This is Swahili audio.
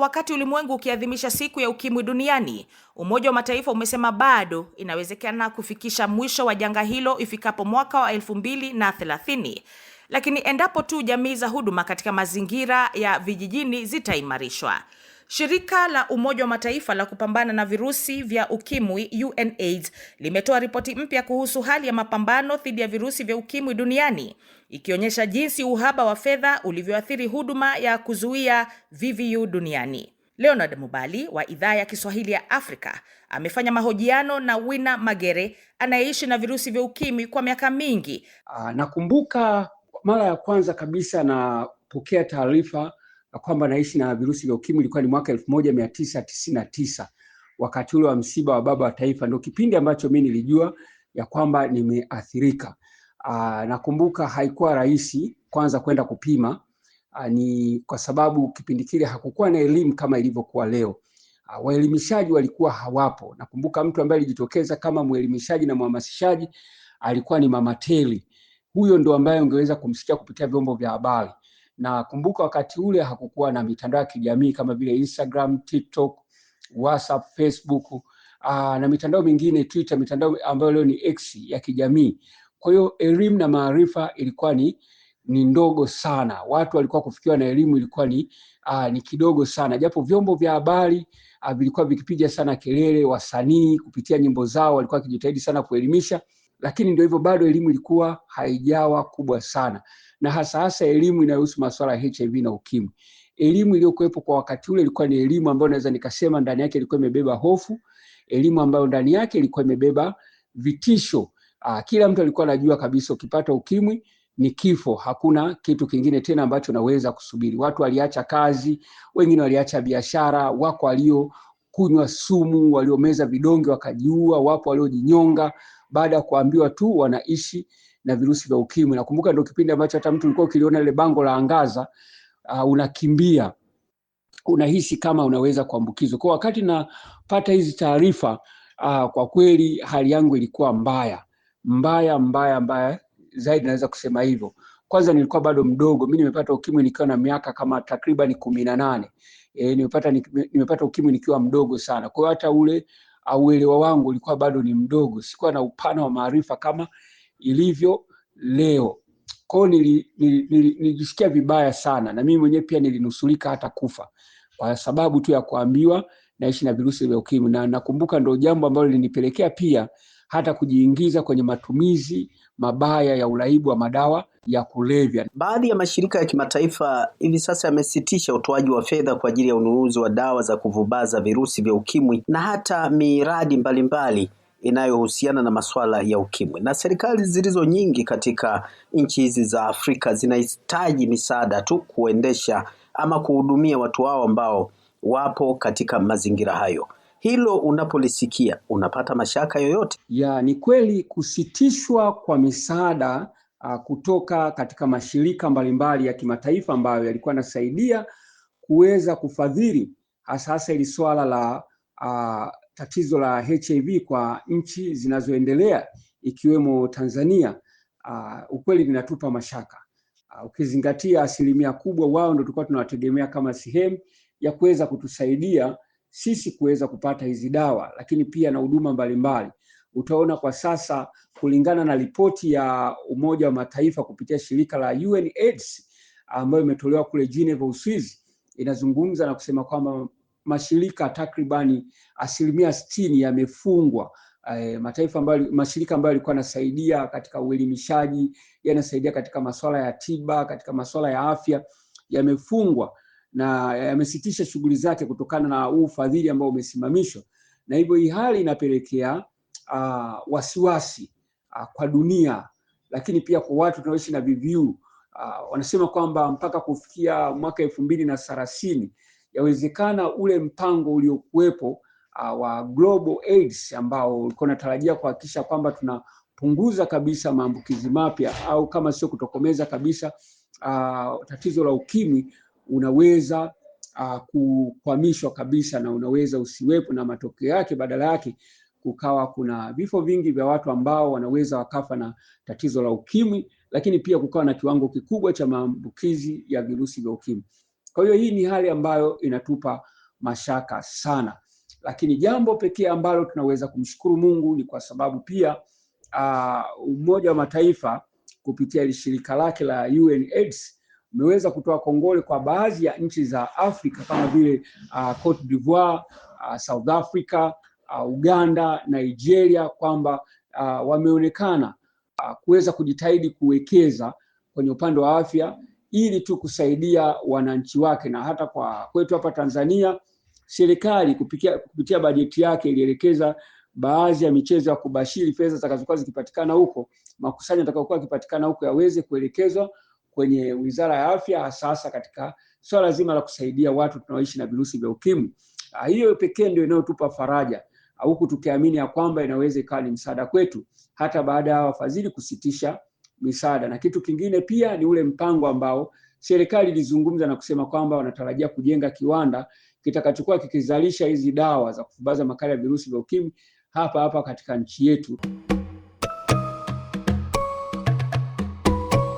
wakati ulimwengu ukiadhimisha siku ya ukimwi duniani, Umoja wa Mataifa umesema bado inawezekana kufikisha mwisho wa janga hilo ifikapo mwaka wa elfu mbili na thelathini, lakini endapo tu jamii za huduma katika mazingira ya vijijini zitaimarishwa. Shirika la Umoja wa Mataifa la kupambana na virusi vya ukimwi UNAIDS limetoa ripoti mpya kuhusu hali ya mapambano dhidi ya virusi vya ukimwi duniani ikionyesha jinsi uhaba wa fedha ulivyoathiri huduma ya kuzuia VVU duniani. Leonard Mubali wa idhaa ya Kiswahili ya Afrika amefanya mahojiano na Wina Magere anayeishi na virusi vya ukimwi kwa miaka mingi. Nakumbuka mara ya kwanza kabisa napokea taarifa ya kwamba naishi na virusi vya ukimwi ilikuwa ni mwaka elfu moja mia tisa tisini na tisa wakati ule wa msiba wa baba wa taifa, ndio kipindi ambacho mi nilijua ya kwamba nimeathirika. Ah, nakumbuka haikuwa rahisi kwanza kwenda kupima aa, ah, ni kwa sababu kipindi kile hakukuwa na elimu kama ilivyokuwa leo. Ah, waelimishaji walikuwa hawapo. Nakumbuka mtu ambaye alijitokeza kama mwelimishaji na mhamasishaji alikuwa ni Mama Teli. Huyo ndo ambaye ungeweza kumsikia kupitia vyombo vya habari, na kumbuka, wakati ule hakukuwa na mitandao ya kijamii kama vile Instagram, TikTok, WhatsApp, Facebook aa, ah, na mitandao mingine Twitter, mitandao ambayo leo ni X ya kijamii. Kwa hiyo elimu na maarifa ilikuwa ni ni ndogo sana, watu walikuwa kufikiwa na elimu ilikuwa ni aa, ah, ni kidogo sana, japo vyombo vya habari ah, vilikuwa vikipiga sana kelele, wasanii kupitia nyimbo zao walikuwa wakijitahidi sana kuelimisha, lakini ndio hivyo, bado elimu ilikuwa haijawa kubwa sana na hasa hasa elimu inayohusu masuala ya HIV na ukimwi. Elimu iliyokuwepo kwa wakati ule ilikuwa ni elimu ambayo naweza nikasema ndani yake ilikuwa imebeba hofu, elimu ambayo ndani yake ilikuwa imebeba vitisho. Ah, kila mtu alikuwa anajua kabisa ukipata ukimwi ni kifo, hakuna kitu kingine tena ambacho naweza kusubiri. Watu waliacha kazi, wengine waliacha biashara, wako walio kunywa sumu, waliomeza vidonge wakajiua, wapo waliojinyonga baada ya kuambiwa tu wanaishi na virusi vya ukimwi. Nakumbuka ndio kipindi ambacho hata mtu ulikuwa ukiliona ile bango la angaza, uh, unakimbia, unahisi kama unaweza kuambukizwa. Kwa wakati napata hizi taarifa uh, kwa kweli hali yangu ilikuwa mbaya mbaya mbaya mbaya zaidi, naweza kusema hivyo. Kwanza nilikuwa bado mdogo, mimi nimepata ukimwi nikiwa na miaka kama takriban kumi na nane. E, nimepata nimepata ukimwi nikiwa mdogo sana, kwa hiyo hata ule uh, uelewa wangu ulikuwa bado ni mdogo, sikuwa na upana wa maarifa kama ilivyo leo. Kwao nilijisikia vibaya sana, na mimi mwenyewe pia nilinusulika hata kufa kwa sababu tu ya kuambiwa naishi na virusi vya ukimwi, na nakumbuka ndio jambo ambalo lilinipelekea pia hata kujiingiza kwenye matumizi mabaya ya uraibu wa madawa ya kulevya. Baadhi ya mashirika ya kimataifa hivi sasa yamesitisha utoaji wa fedha kwa ajili ya ununuzi wa dawa za kuvubaza virusi vya ukimwi na hata miradi mbalimbali mbali inayohusiana na masuala ya ukimwi. Na serikali zilizo nyingi katika nchi hizi za Afrika zinahitaji misaada tu kuendesha ama kuhudumia watu wao ambao wapo katika mazingira hayo. Hilo unapolisikia unapata mashaka yoyote? Ya, ni kweli kusitishwa kwa misaada uh, kutoka katika mashirika mbalimbali ya kimataifa ambayo yalikuwa yanasaidia kuweza kufadhili hasa hasa ili swala la uh, tatizo la HIV kwa nchi zinazoendelea ikiwemo Tanzania, uh, ukweli linatupa mashaka uh, ukizingatia asilimia kubwa wao ndio tulikuwa tunawategemea kama sehemu ya kuweza kutusaidia sisi kuweza kupata hizi dawa, lakini pia na huduma mbalimbali. Utaona kwa sasa kulingana na ripoti ya Umoja wa Mataifa kupitia shirika la UNAIDS ambayo imetolewa kule Geneva, Uswizi, inazungumza na kusema kwamba mashirika takribani asilimia sitini yamefungwa. E, mataifa ambayo mashirika ambayo yalikuwa yanasaidia katika uelimishaji, yanasaidia katika masuala ya tiba, katika masuala ya afya yamefungwa na yamesitisha shughuli zake kutokana na huu ufadhili ambao umesimamishwa, na hivyo hii hali inapelekea uh, wasiwasi uh, kwa dunia, lakini pia kwa watu tunaoishi na VVU uh, ah, wanasema kwamba mpaka kufikia mwaka elfu mbili na thelathini yawezekana ule mpango uliokuwepo uh, wa Global AIDS ambao ulikuwa unatarajia kuhakikisha kwamba tunapunguza kabisa maambukizi mapya au kama sio kutokomeza kabisa uh, tatizo la ukimwi unaweza uh, kukwamishwa kabisa na unaweza usiwepo, na matokeo yake badala yake kukawa kuna vifo vingi vya watu ambao wanaweza wakafa na tatizo la ukimwi, lakini pia kukawa na kiwango kikubwa cha maambukizi ya virusi vya ukimwi. Kwa hiyo hii ni hali ambayo inatupa mashaka sana, lakini jambo pekee ambalo tunaweza kumshukuru Mungu ni kwa sababu pia uh, Umoja wa Mataifa kupitia shirika lake la UNAIDS umeweza kutoa kongole kwa baadhi ya nchi za Afrika kama vile uh, Cote d'Ivoire, uh, South Africa, uh, Uganda, Nigeria kwamba uh, wameonekana uh, kuweza kujitahidi kuwekeza kwenye upande wa afya ili tu kusaidia wananchi wake. Na hata kwa kwetu hapa Tanzania, serikali kupitia bajeti yake ilielekeza baadhi ya michezo ya kubashiri fedha zitakazokuwa zikipatikana huko, makusanyo yatakayokuwa yakipatikana huko yaweze kuelekezwa kwenye Wizara ya Afya, hasahasa katika swala so zima la kusaidia watu tunaoishi na virusi vya UKIMWI. Ah, hiyo pekee ndio inayotupa faraja huku tukiamini ya kwamba inaweza ikawa ni msaada kwetu hata baada ya wafadhili kusitisha misaada, na kitu kingine pia ni ule mpango ambao serikali ilizungumza na kusema kwamba wanatarajia kujenga kiwanda kitakachokuwa kikizalisha hizi dawa za kufubaza makali ya virusi vya ukimwi hapa hapa katika nchi yetu.